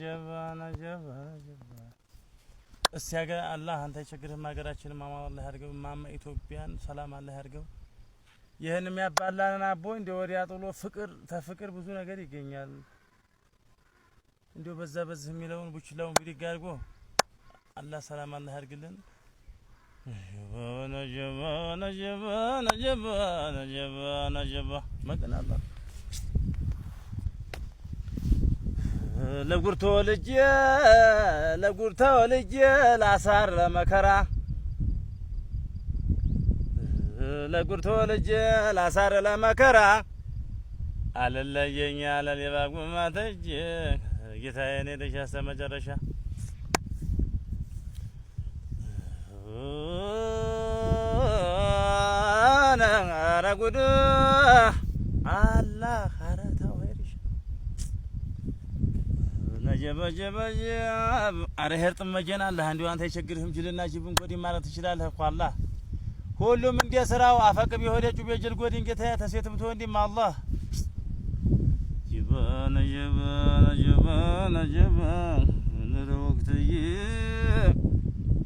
ጀባና ጀባና እስቲ ሀገር አላህ አንተ ሀገራችን ማማ አላህ ማማ ኢትዮጵያን ሰላም አላህ ያድርገው። ይህን የሚያባላንን አቦ እንደ ወዲያ ጥሎ ፍቅር ተፍቅር ብዙ ነገር ይገኛል። እንዲሁ በዛ በዚህ የሚለውን ቡችላውን ብድግ አድርጎ አላህ ሰላም አላህ ያድርግልን። ጀባና ጀባና ጀባና ጀባና ጀባ መቅን አላህ ለጉር ተወልጄ ለጉር ተወልጄ ላሳር መከራ ለጉር ተወልጄ ላሳር ለመከራ አልለየኛ ለሌባ ጉማተጅ ጌታዬ እኔ ልጅ እስከ መጨረሻ ነረጉድ ጀበጀበጀብ አረ ሄር ጥመጀና አለ አንዱ አንተ አይቸግርህም። ጅልና ጅብን ጎድን ማለት ትችላለህ እኮ አላህ ሁሉም እንደ ስራው አፈቅብ የሆነ ጩቤ ጅል ጎድን ጌታ ተሴትም ተወንድም አላህ ጀበነ ጀበነ ጀበነ ጀበነ ለወቅትዬ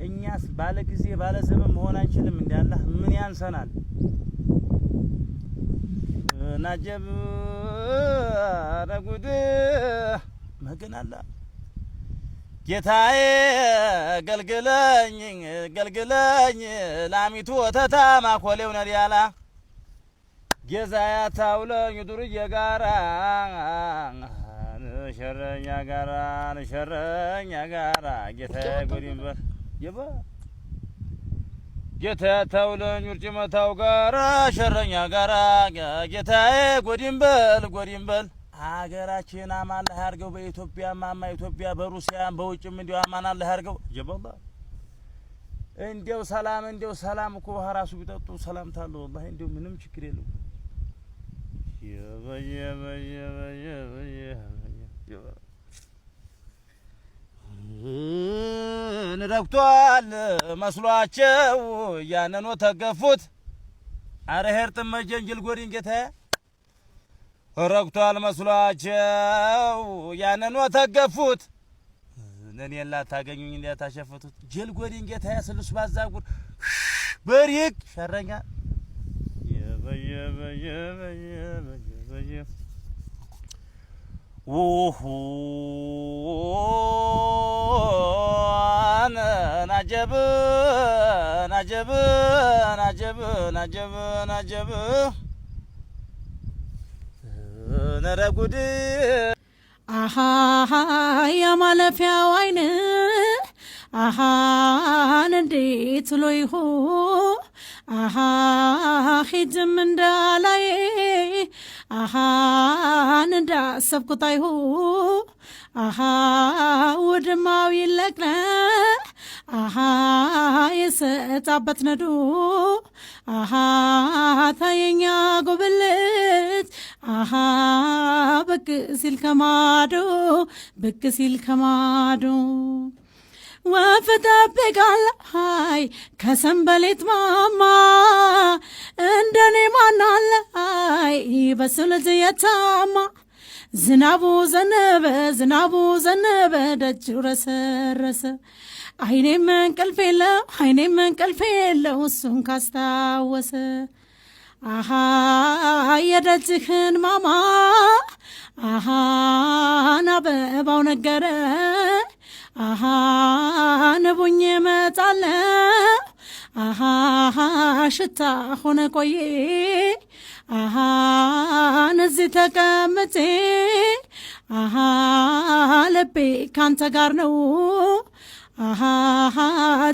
እኛስ ባለ ጊዜ ባለ ዘመን መሆን አንችልም። እንዳላህ ምን ያንሰናል? ናጀብ ረጉድ መገን ጌታዬ ገልግለኝ ገልግለኝ ላሚቱ ወተታ ማኮሌው ነዲያላ ጌዛያ ታውለኝ ዱርዬ ጋራ ንሸረኛ ጋራ ንሸረኛ ጋራ ጌታዬ ጎዲንበር የበ ጌታ ታውለኝ ውርጭ መታው ጋራ ሸረኛ ጋራ ጌታዬ ጎዲንበል ጎዲንበል ሀገራችን አማን ላይ አድርገው በኢትዮጵያ ማማ ኢትዮጵያ በሩሲያን በውጭም እንዲያው አማን ላይ አድርገው ጀበላ እንዲያው ሰላም እንዲያው ሰላም እኮ ራሱ ቢጠጡ ሰላም ታለ ወላሂ እንዲያው ምንም ችግር የለው። የበየ በየ በየ በየ ንረግቷል መስሏቸው ያንኑ ተገፉት። አረ ሄር ጥመጀን ጅልጎሪን ጌታ ረግቷል መስሏቸው ያንን ተገፉት። እኔን ላታገኙኝ እንዲያ ታሸፈቱት ጀል ጎዴን ጌታ ያስልሱ ባዛጉር በሪክ ሸረኛ ናጀብ ናጀብ ናጀብ ናጀብ ናጀብ ኧረ ጉድ አሃ የማለፊያው አይን አሃን እንዴት ብሎ ይሆን አሃ ሂድም እንዳላይ አሃን እንዳሰብኩት አይሆን አሃ ውድማው ይለቅነ አሃ የሰጣበት ነዶ አሃ ታየኛ ጎብልት አሃ ብቅ ሲል ከማዶ ብቅ ሲል ከማዶ ወፍ ጠብቃል አይ ከሰንበሌጥ ማማ እንደኔ ማናለ አይ በስልት የታማ ዝናቡ ዘነበ ዝናቡ ዘነበ ደጅ ረሰረሰ አይኔም እንቅልፍ የለው አይኔም እንቅልፍ የለው እሱን ካስታወሰ አሃ የደጅህን ማማ አሃ ናበባው ነገረ አሃ ንቡኝ መጣለ አሃ ሽታ ሆነ ቆየ አሃ ንዚ ተቀምጤ አሃ ልቤ ካንተ ጋር ነው አሃ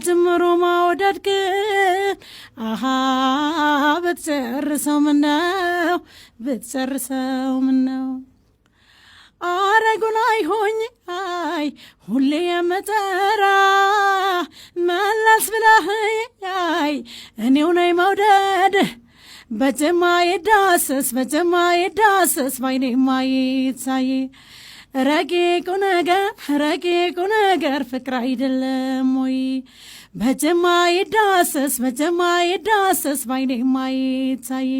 ጅምሩ መውደድ አሃ ብትጨርሰው ምነው ብትጨርሰው ምነው አረጉን አይሆኝ አይ ሁሌ የምጠራ መለስ ብለህ አይ እኔው ነኝ መውደድህ በጀማ የዳሰስ በጀማ የዳሰስ ባይኔማ ይታይ ረቂቁ ነገር ረቂቁ ነገር ፍቅር አይደለም ወይ በጀማ ይዳሰስ በጀማ ይዳሰስ ባይኔማ ይታይ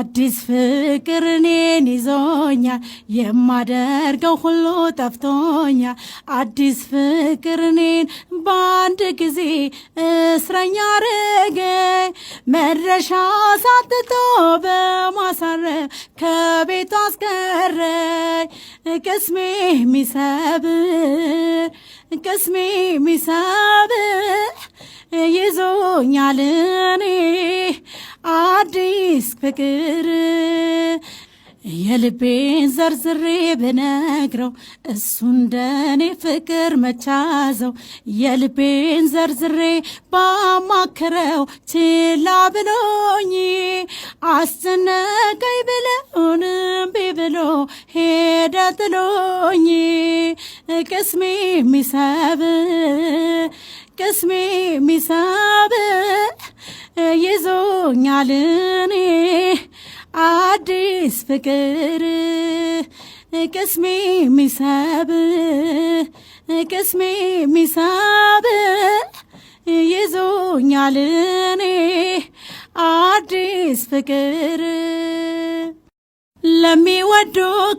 አዲስ ፍቅር እኔን ይዞኛል የማደርገው ሁሉ ጠፍቶኛ አዲስ ፍቅር እኔን በአንድ ጊዜ እስረኛ አረገኝ መድረሻ ሳትቶ በማሳረፍ ከቤቱ አስገረኝ ቅስሜ ሚሰብር ቅስሜ ሚሳብ ይዞኛል እኔ አዲስ ፍቅር የልቤን ዘርዝሬ ብነግረው እሱ እንደኔ ፍቅር መቻዘው የልቤን ዘርዝሬ ባማክረው ችላ ብሎኝ አስጨነቀኝ ብለውንም ቢብሎ ሄደ ጥሎኝ ቅስሜ ሚሳብ ቅስሜ ሚሳብ ይዞኛልኔ አዲስ ፍቅር ቅስሜ ሚሳብ ቅስሜ ሚሳብ ይዞኛልኔ አዲስ ፍቅር ለሚወዱ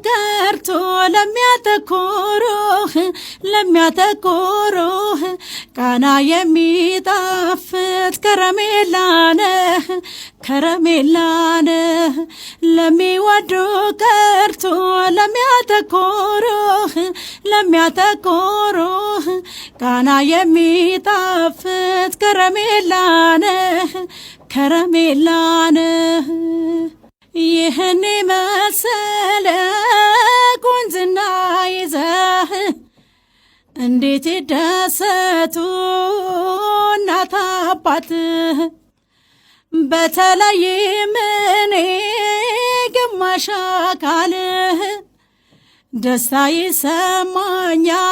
ቀርቶ ለሚያተኩሩህ ለሚያተኩሩህ ቃና የሚጣፍት ከረሜላ ነህ ከረሜላ ነህ ለሚወዱ ቀርቶ ለሚያተኩሩህ ለሚያተኩሩህ ቃና የሚጣፍት ከረሜላ ነህ ከረሜላ ነህ ይህን መሰለ ቁንዝና ይዘህ እንዴት ደሰቱ እናት አባትህ በተለይ ምን ግማሽ አካልህ ደስታ ይሰማኛል።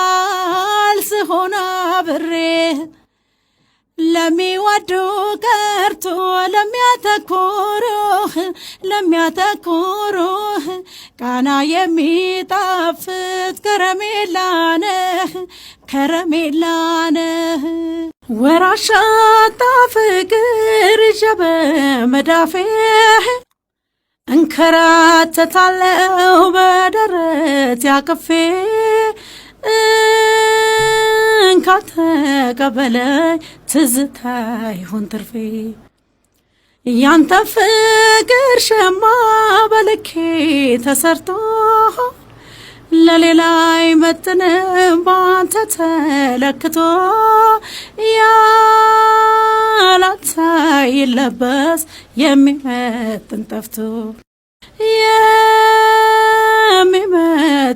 ለሚወዱ ቀርቶ ለሚያተኩሩህ ለሚያተኩሩህ ቃና የሚጣፍት ከረሜላ ነህ ከረሜላ ነህ። ወራሻታ ፍቅር ሸበ መዳፌ እንከራተታለው በደረት ያቅፌ እንካ ተቀበለኝ ትዝታ ይሁን ትርፌ ያንተ ፍቅር ሸማ በልኬ ተሰርቶ ለሌላ አይመጥንም ባንተ ተለክቶ ያላንተ ይለበስ የሚመጥን ጠፍቶ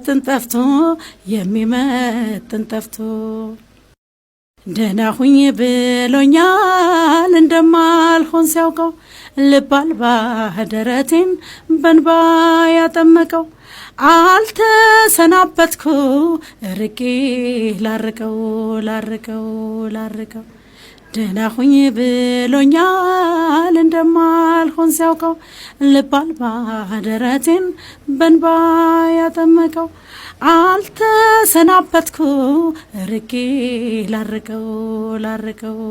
የሚመጥን ጠፍቶ የሚመጥን ጠፍቶ ደህና ሁኝ ብሎኛል እንደማልሆን ሲያውቀው ልብ ደረቴን በንባ ያጠመቀው አልተሰናበትኩ ርቄ ላርቀው ላርቀው ላርቀው ደህና ሁኝ ብሎኛል ልቡን ሲያውቀው ልብ አልባ ደረቴን በንባ ያጠመቀው አልተሰናበትኩ ርቄ ላርቀው ላርቀው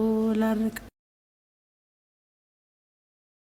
ላርቀው